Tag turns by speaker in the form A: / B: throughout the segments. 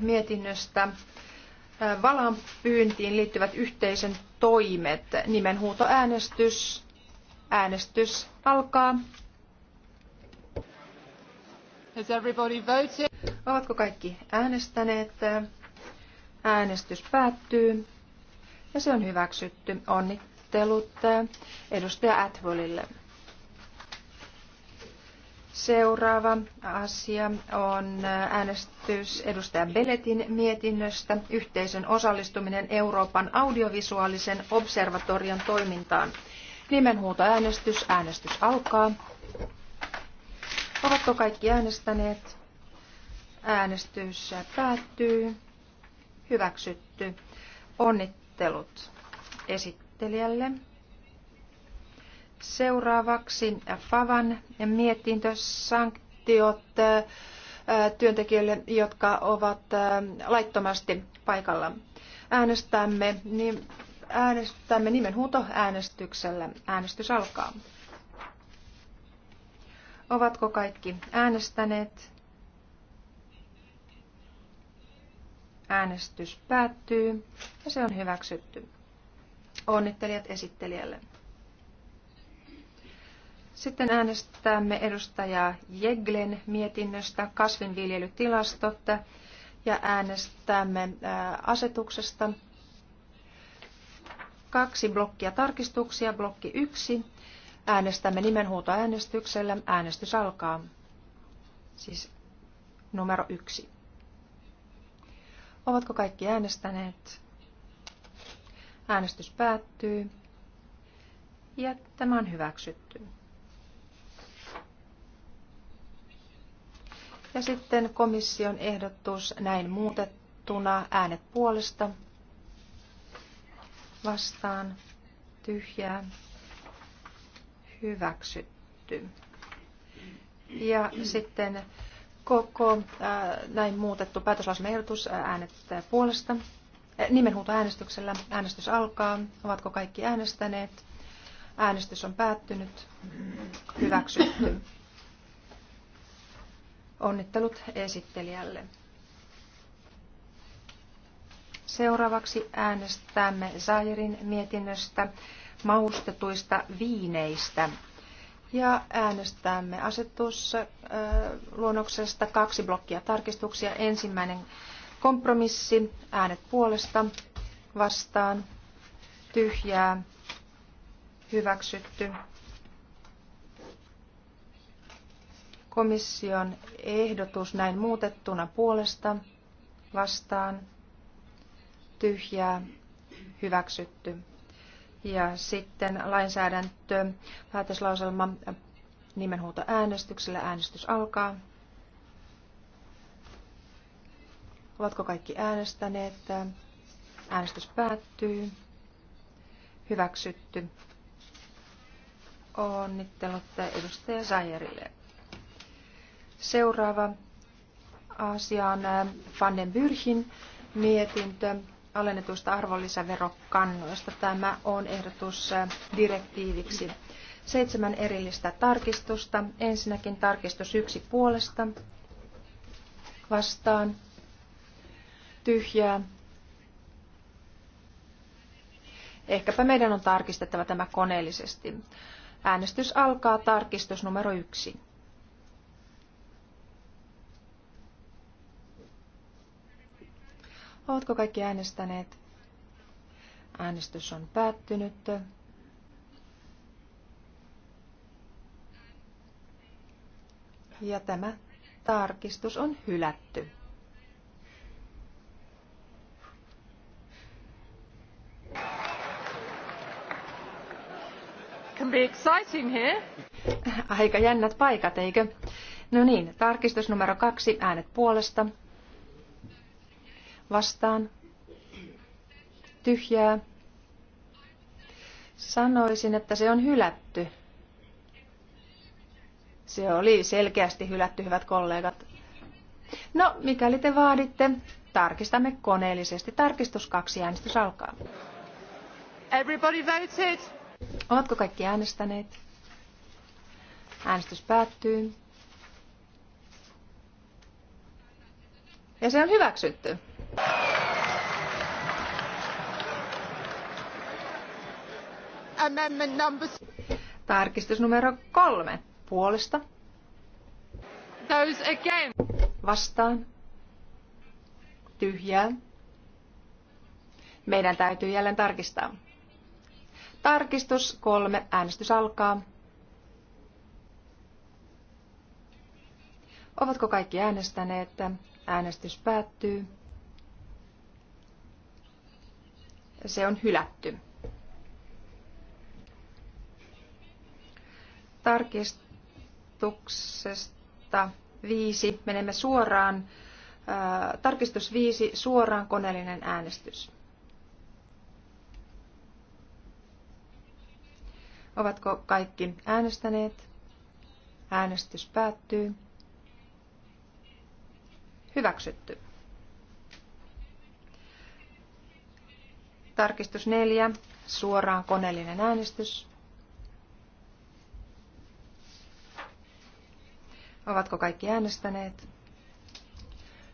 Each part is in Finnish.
A: mietinnöstä valan pyyntiin liittyvät yhteisön toimet. Nimenhuutoäänestys. Äänestys alkaa. Has everybody voted? Ovatko kaikki äänestäneet? Äänestys päättyy ja se on hyväksytty. Onnittelut edustaja Atwellille. Seuraava asia on äänestys edustaja Beletin mietinnöstä yhteisön osallistuminen Euroopan audiovisuaalisen observatorion toimintaan. äänestys, Äänestys alkaa. Ovatko kaikki äänestäneet? Äänestys päättyy. Hyväksytty. Onnittelut esittelijälle. Seuraavaksi Favan mietintö sanktiot työntekijöille, jotka ovat laittomasti paikalla. Äänestämme, niin äänestämme äänestyksellä Äänestys alkaa. Ovatko kaikki äänestäneet? Äänestys päättyy ja se on hyväksytty. Onnittelijat esittelijälle. Sitten äänestämme edustaja Jeglen mietinnöstä kasvinviljelytilastot ja äänestämme äh, asetuksesta. Kaksi blokkia tarkistuksia, blokki yksi. Äänestämme nimenhuutoäänestyksellä. Äänestys alkaa. Siis numero yksi. Ovatko kaikki äänestäneet? Äänestys päättyy. Ja tämä on hyväksytty. Ja sitten komission ehdotus näin muutettuna äänet puolesta vastaan tyhjää hyväksytty. Ja sitten koko äh, näin muutettu päätöslausumaehdotus äh, äänet puolesta. Äh, nimenhuutoäänestyksellä äänestys alkaa. Ovatko kaikki äänestäneet? Äänestys on päättynyt. Hyväksytty. Onnittelut esittelijälle. Seuraavaksi äänestämme Zairin mietinnöstä maustetuista viineistä. Ja äänestämme luonnoksesta kaksi blokkia tarkistuksia. Ensimmäinen kompromissi, äänet puolesta, vastaan, tyhjää, hyväksytty. Komission ehdotus näin muutettuna puolesta vastaan tyhjää hyväksytty. Ja sitten lainsäädäntö, päätöslauselma nimenhuuto äänestyksellä. Äänestys alkaa. Ovatko kaikki äänestäneet? Äänestys päättyy. Hyväksytty. Onnittelut edustaja Sajerille. Seuraava asia on Fannen äh, Byrhin mietintö alennetuista arvonlisäverokannoista. Tämä on ehdotus äh, direktiiviksi. Seitsemän erillistä tarkistusta. Ensinnäkin tarkistus yksi puolesta vastaan tyhjää. Ehkäpä meidän on tarkistettava tämä koneellisesti. Äänestys alkaa tarkistus numero yksi. Ovatko kaikki äänestäneet? Äänestys on päättynyt. Ja tämä tarkistus on hylätty. Can be exciting here. Aika jännät paikat, eikö? No niin, tarkistus numero kaksi, äänet puolesta vastaan, tyhjää. Sanoisin, että se on hylätty. Se oli selkeästi hylätty, hyvät kollegat. No, mikäli te vaaditte, tarkistamme koneellisesti. Tarkistus kaksi äänestys alkaa. Everybody voted. Ovatko kaikki äänestäneet? Äänestys päättyy. Ja se on hyväksytty. Amendment Tarkistus numero kolme. Puolesta. Those again. Vastaan. Tyhjää. Meidän täytyy jälleen tarkistaa. Tarkistus kolme. Äänestys alkaa. Ovatko kaikki äänestäneet? Äänestys päättyy. Se on hylätty. tarkistuksesta viisi menemme suoraan, ää, tarkistus viisi suoraan koneellinen äänestys. Ovatko kaikki äänestäneet? Äänestys päättyy. Hyväksytty. Tarkistus neljä Suoraan koneellinen äänestys. Ovatko kaikki äänestäneet?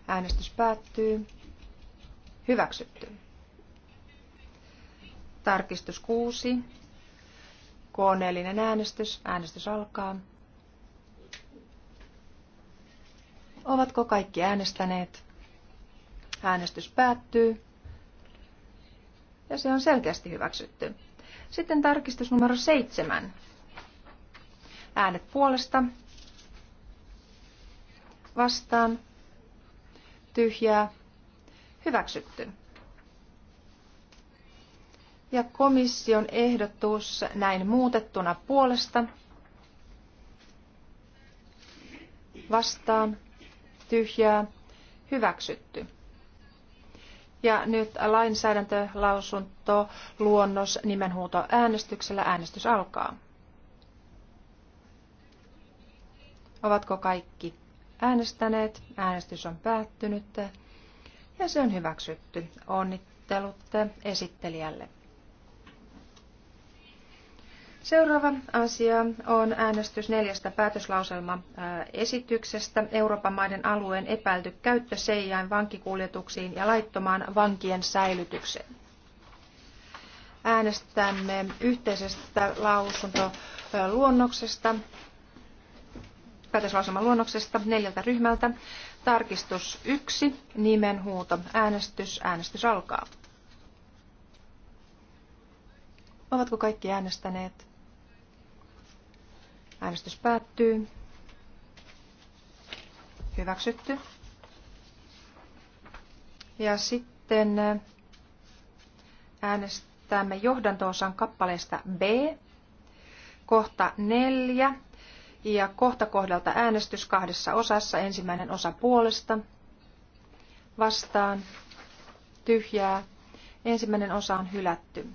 A: Äänestys päättyy. Hyväksytty. Tarkistus 6. Koneellinen äänestys. Äänestys alkaa. Ovatko kaikki äänestäneet? Äänestys päättyy. Ja se on selkeästi hyväksytty. Sitten tarkistus numero 7. Äänet puolesta, vastaan, tyhjää, hyväksytty. Ja komission ehdotus näin muutettuna puolesta, vastaan, tyhjää, hyväksytty. Ja nyt lainsäädäntölausunto, luonnos, nimenhuuto äänestyksellä. Äänestys alkaa. Ovatko kaikki äänestäneet. Äänestys on päättynyt ja se on hyväksytty. Onnittelut esittelijälle. Seuraava asia on äänestys neljästä päätöslauselma äh, esityksestä Euroopan maiden alueen epäilty käyttö seijain vankikuljetuksiin ja laittomaan vankien säilytykseen. Äänestämme yhteisestä lausuntoluonnoksesta päätöslauselman luonnoksesta neljältä ryhmältä. Tarkistus yksi, nimenhuuto, äänestys, äänestys alkaa. Ovatko kaikki äänestäneet? Äänestys päättyy. Hyväksytty. Ja sitten äänestämme johdanto-osan kappaleesta B. Kohta neljä. Ja kohta kohdalta äänestys kahdessa osassa. Ensimmäinen osa puolesta, vastaan, tyhjää. Ensimmäinen osa on hylätty.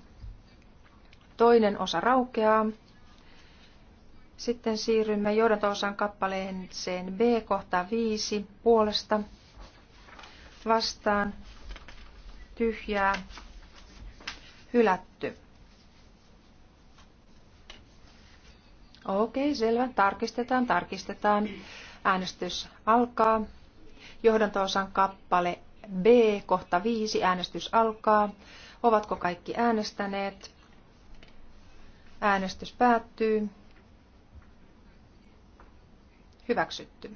A: Toinen osa raukeaa. Sitten siirrymme johdanto-osan kappaleeseen B kohta 5 puolesta vastaan tyhjää hylätty. Okei, selvä. Tarkistetaan, tarkistetaan. Äänestys alkaa. Johdantoosan kappale B, kohta 5, äänestys alkaa. Ovatko kaikki äänestäneet? Äänestys päättyy. Hyväksytty.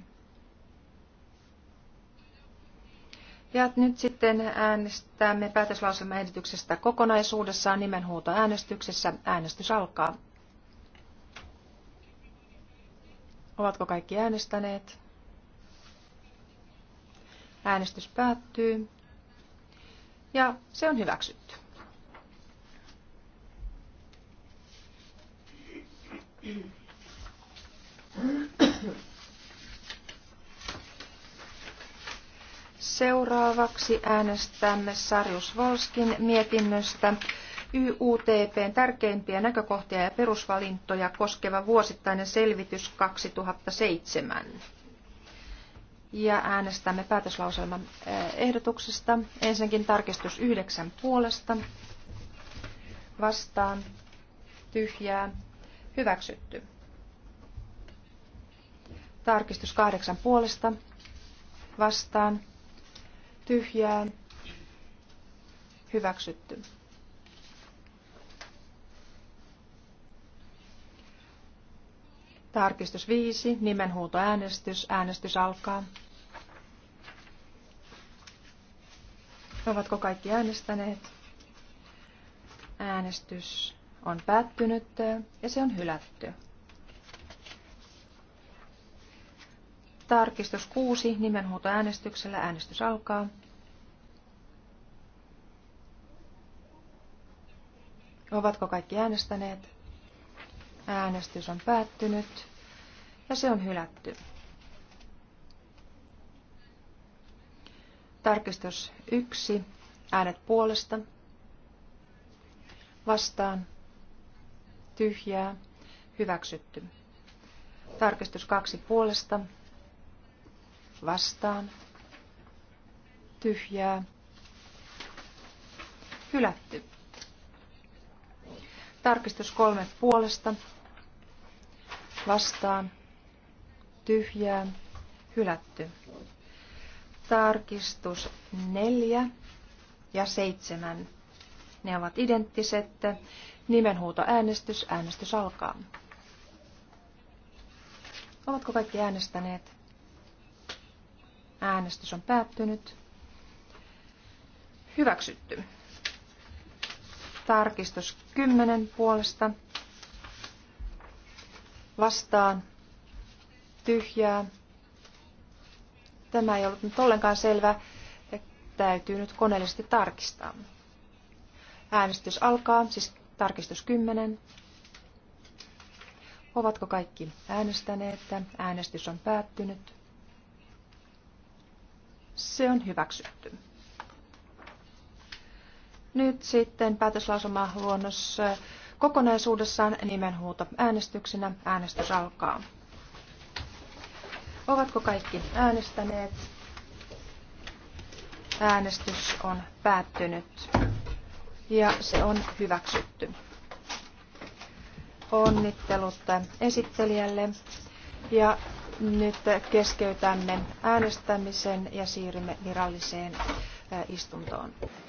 A: Ja nyt sitten äänestämme päätöslauselmaehdotuksesta kokonaisuudessaan nimenhuutoäänestyksessä. Äänestys alkaa. Ovatko kaikki äänestäneet? Äänestys päättyy. Ja se on hyväksytty. Seuraavaksi äänestämme Sarjus Volskin mietinnöstä YUTPn tärkeimpiä näkökohtia ja perusvalintoja koskeva vuosittainen selvitys 2007. Ja äänestämme päätöslauselman eh, ehdotuksesta. Ensinnäkin tarkistus yhdeksän puolesta. Vastaan. Tyhjää. Hyväksytty. Tarkistus kahdeksan puolesta. Vastaan. Tyhjää. Hyväksytty. Tarkistus 5, nimenhuutoäänestys. Äänestys alkaa. Ovatko kaikki äänestäneet? Äänestys on päättynyt ja se on hylätty. Tarkistus 6, nimenhuutoäänestyksellä äänestys alkaa. Ovatko kaikki äänestäneet? Äänestys on päättynyt ja se on hylätty. Tarkistus 1. Äänet puolesta. Vastaan. Tyhjää. Hyväksytty. Tarkistus 2. Puolesta. Vastaan. Tyhjää. Hylätty. Tarkistus 3. Puolesta vastaan, tyhjää, hylätty. Tarkistus 4 ja 7. Ne ovat identtiset. Nimenhuuto äänestys. Äänestys alkaa. Ovatko kaikki äänestäneet? Äänestys on päättynyt. Hyväksytty. Tarkistus 10 puolesta vastaan tyhjää. Tämä ei ollut nyt ollenkaan selvä. Täytyy nyt koneellisesti tarkistaa. Äänestys alkaa, siis tarkistus 10. Ovatko kaikki äänestäneet? Äänestys on päättynyt. Se on hyväksytty. Nyt sitten päätöslausuma luonnos Kokonaisuudessaan nimenhuuto äänestyksenä äänestys alkaa. Ovatko kaikki äänestäneet? Äänestys on päättynyt ja se on hyväksytty. Onnittelut esittelijälle ja nyt keskeytämme äänestämisen ja siirrymme viralliseen istuntoon.